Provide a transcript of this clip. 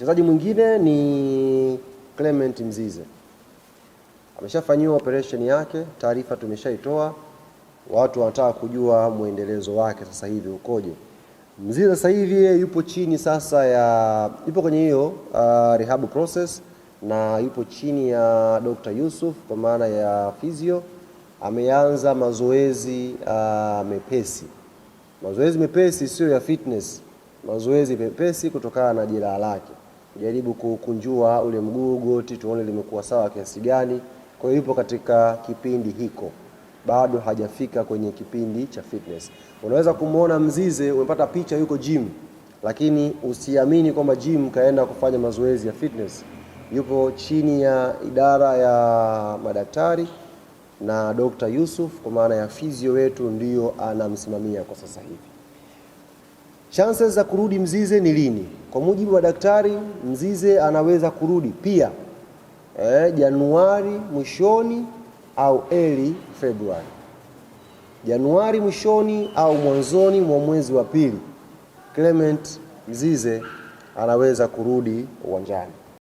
Mchezaji mwingine ni Clement Mzize, ameshafanyiwa operation yake, taarifa tumeshaitoa, watu wanataka kujua mwendelezo wake sasa hivi ukoje. Mzize sasa hivi yupo chini sasa ya yupo kwenye hiyo uh, rehab process na yupo chini ya Dr. Yusuf kwa maana ya physio. Ameanza mazoezi uh, mepesi, mazoezi mepesi sio ya fitness, mazoezi mepesi kutokana na jeraha lake kujaribu kukunjua ule mguu goti, tuone limekuwa sawa kiasi gani. Kwa hiyo yupo katika kipindi hiko, bado hajafika kwenye kipindi cha fitness. Unaweza kumwona mzize, umepata picha, yuko gym, lakini usiamini kwamba gym kaenda kufanya mazoezi ya fitness. Yupo chini ya idara ya madaktari na Dr. Yusuf, kwa maana ya fizio wetu, ndiyo anamsimamia kwa sasa hivi. Chances za kurudi Mzize ni lini? Kwa mujibu wa daktari, Mzize anaweza kurudi pia eh, Januari mwishoni au early february Januari mwishoni au mwanzoni mwa mwezi wa pili, Clement Mzize anaweza kurudi uwanjani.